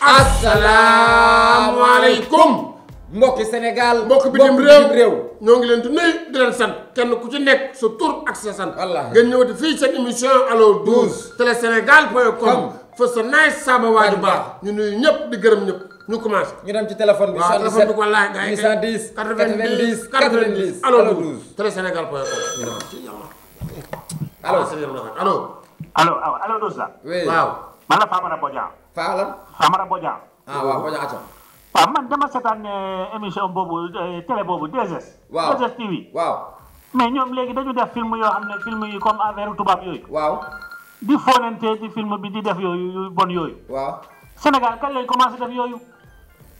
asalaamualeykum. mbokki Sénégal mbokki bitim réew ñoo ngi leen di nuyu di leen kenn ku ci nekk sa tur ak sa sant. wallaahi ngeen ñëwati fii seen émission allo 12. télé sénégal point com. fa sa naay Samba waaju baax ñu nuyu ñëpp di gërëm ñëpp. ñu commencé ñu dem ci téléphone bi. waaw téléphone bi wallaahi gars yi 810 90 90 allo 12 télé sénégal point com. Ah, allo allo allo allo 12 la. waaw. man la Famara Bodian. Faala. Famara Bodian. ah waaw man dama seetaan émission boobu télé boobu 2S. waaw 2S TV. waaw mais ñoom léegi dañu def film yoo xam ne film yi comme affaire tubaab yooyu. waaw di fonante di film bi di def yooyu bon yooyu. waaw Sénégal kañ lay commencé def yooyu.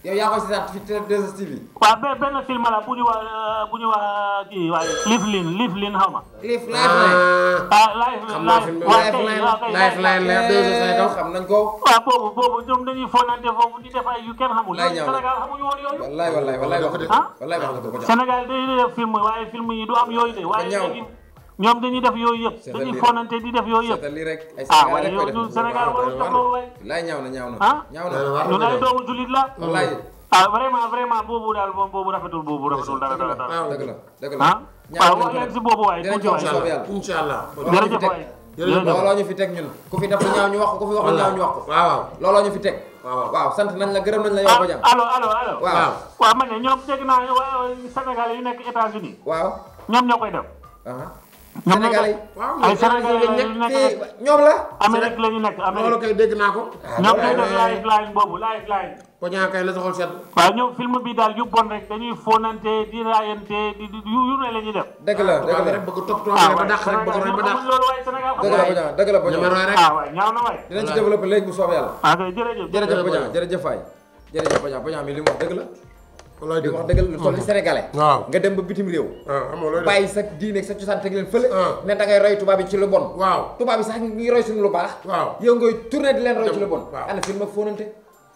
yow yaa ko si sax fii ci 2STV. waaw benn benn film la bu ñu waa bu ñu waa kii waaye Live Line Live Line xaw ma. Live Lifeline. ah Lifeline Lifeline Lifeline Lifeline xam nañ ko. waaw boobu boobu ñoom dañuy fonante foofu di def ay yu kenn xamul. laay ñëw Sénégal xamuñu woon yooyu. wallaay wallaay wallaay wax nga ko Sénégal day def film waaye film yi du am yooyu de waaye. ñoom dañuy def yooyu yëpp. dañuy fonante di def yooyu yëpp. ah waaye yow ñun Sénégal warul tax loolu waay. lay ñaaw na ñaaw na ah ñun ay doomu jullit la. ah vraiment vraiment boobu daal moom boobu rafetul boobu rafetul dara dara dara. dëgg la dëgg la ah. waaw ah, wax leen si boobu waay. incha allah jërëjëf waay jërëjëf looloo ñu fi teg ñun ku fi def ñaaw ñu wax ko ku fi wax ñaaw ñu wax ko waaw looloo ñu fi teg waaw waaw sant nañ la gërëm nañ la yow ko ah, jam allo allo allo waaw waaw man ne ñoom dégg naa Sénégal yi nekk États-Unis waaw ñoom ñoo koy def uh-huh. Sénégalais ay Sénégalais lañ nekk fii ñoom la. Amérique la ñu nekk Amérique loolu kay dégg naa ko. Ah, ñoom kay def live line boobu live line. ko ñaan kay la sa xol set. waaw ñoom film bi daal yu bon rek dañuy fóonante di raayante di yu yu ne la ñuy def. dëgg la dëgg la bëgg topp topp ah, rek ba dàq rek bëgg rek ba dàq. dëgg la Badiane dëgg la Badiane. ah waay ñaaw na waay. dinañ ci développé léegi bu soobee yàlla. ah kay jërëjëf jërëjëf Badiane jërëjëf Faye jërëjëf Badiane Badiane mi li mu wax dëgg la di wax dëggal lu toll sénégalais waaw nga dem ba bitim réew ah, bàyyi sa diine sa cosaan teg leen fële ah. ne da roy tubaab yi ci lu bon tubaab yi sax ngi roy suñu lu baax yow ngay tourné leen roy ci lu bon ana film ak fóonante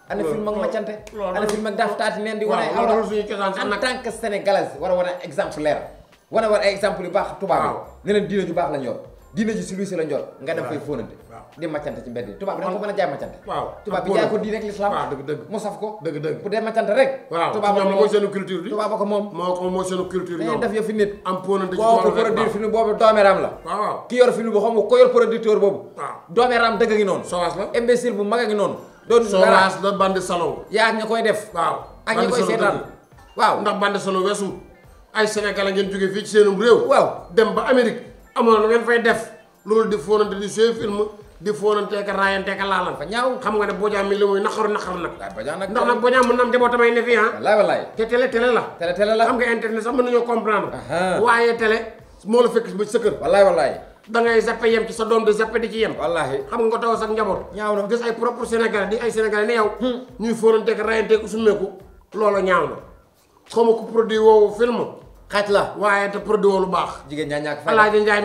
ana film ak maccante ana film ak daaf taati leen di wane awra en tant que war a wane exemple leer wane war ay exemple yu baax tubaab yi ne leen diine ju baax la diine ji si luy si la njor nga dem fay fóonante di maccante ci mbedd tubaab bi dafa mën a jaay maccante tubaab bi jaay ko diine ak lislaam waaw dëgg dëgg mu saf ko dëgg dëgg bu dee maccante rek waaw tubaab ñoom moom moo ko mooy seen culture ñoom def yo fi nit am fóonante boobu doomeeraam la ki yor film bu xam ko yor producteur boobu waaw dëgg a ngi noonu sowaas la imbécile bu mag a ngi noonu doon sowaas la bande salon yaa ña koy def waaw ndax bande salon weesu ay sénégalais ngeen jógee fii ci seenum réew amoon lu ngeen fay def loolu di foonante di seen film di foonanteeka raayanteeka laalan fa ñaaw xam nga ne Bodian mi li muy naqaru naqaru nag ndax nag Bodian mën na am jabootam ay ne fii ah wallaay wallaay te télé télé la télé télé la xam nga internet sax mën nañoo comprendre waaye télé moo la fekk sa kër wallaay wallaay da ngay zappe yem ci sa doom di zappe di ci yem wallaahi xam nga nga taw sax njaboot ñaaw na gis ay propre sénégalais di ay sénégalais ne yow hmm. ñuy foonanteeka xaj la waaye te produit woo baax. jigéen ñaa ñàkk fay Alaaji Njaay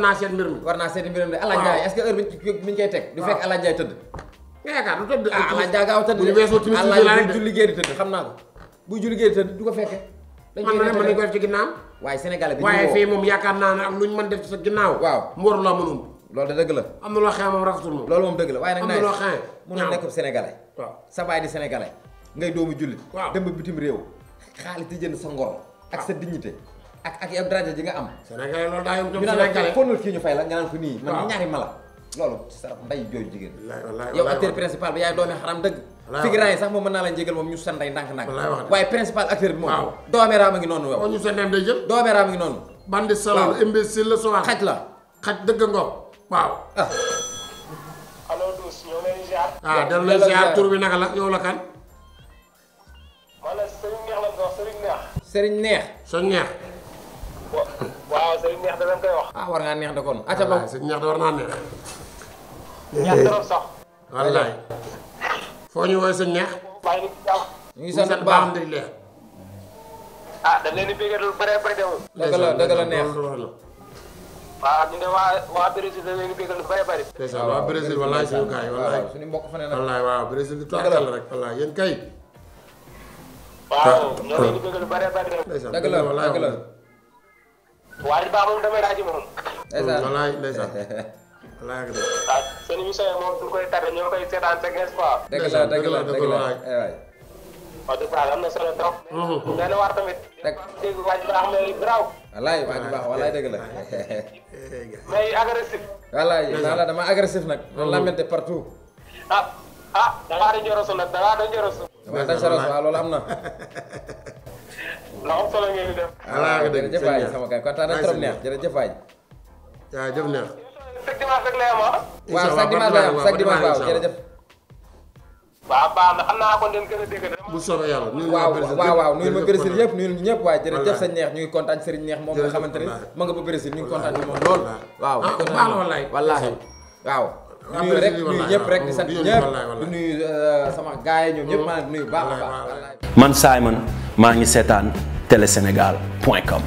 naa seet de Alaaji Njaay est-ce que heure bi ñu koy teg. du fekk Alaaji Njaay ah, bu julli géer tëdd xam naa ko buy julli géer di tëdd du ko fekke. dañ koy ko def ci ginnaaw. waaye Sénégal bi waaye fii moom yaakaar naa ne ak lu ñu mën def ci sa ginnaaw. waaw mu waru loo xew moom rafetul moom loolu moom dëgg la waaye nag naa mënoo nekk sénégalais waaw sa baay di sénégalais ngay doomu jullit dem bitim réew xaalis di jënd sa ngor ak ah. sa dignité ak ak yow daraja ji nga am. Sénégalais loolu daa yomb Sénégalais fóonal kii ñu fay la nga naan ko nii. man ñaari mala loolu saraf nday jooju jigéen. yow acteur principal bi yaay doomi xaram dëgg. figurant yi sax moom mën naa leen jégal moom ñu sanday ndànk-ndànk waaye principal acteur bi moom doomee raam a ngi noonu waaw ñu sa day jël doomee raam a ngi noonu bandi salon imbécile la souvent xaj la xaj dëgg nga waaw ah. sëriñ neex. sëriñ neex. waaw sëriñ neex da leen koy wax. ah war ngaa neex de kon. ata ba sëriñ neex da war naa neex. neex trop sax. wallaay. foo ñu woowee sëriñ neex. ñu ngi sant bu baax ñu ah dañ di béykat lu bëree bëri demul. dëgg la dëgg la neex. waaw ñu ne waa waa Brésil dañ leen di béykat waaw waaw di tàggal rek wallaay yéen kay. waaw ñoo ngi bëgg lu bare bare. dëgg waaye baax moom damay laaj moom. ndeysaan mm, walaay ndeysaan. walaay ak dëgg. waaw seen émission yi moom du koy baax mel ni garaaw. walaay waaj dama agressif nag. noonu laa mm-hmm. mel de partout. Ah, ah, nag da ngaa waaw tasaroos waaw loolu am na. am solo ngeen di def. neex jërëjëf waay. waaw jëf neex. am ah. waaw chaque dimanche na xam naa kon dañ gën a dégg yàlla waaw waaw waaw nuyu ma Brésil yëpp nuyu ñëpp waaye jërëjëf sa neex ñu ngi kontaan Serigne Neex moom nga xamante ni ma nga ba Brésil ñu ngi kontaan ci moom lool waaw waaw nuyu rek nuyu ñëpp rek di sant ñëpp di nuyu euh, sama gaay ñoom ñëpp maa ngi nuyu baax man Simon maa ngi seetaan télésénégal point com.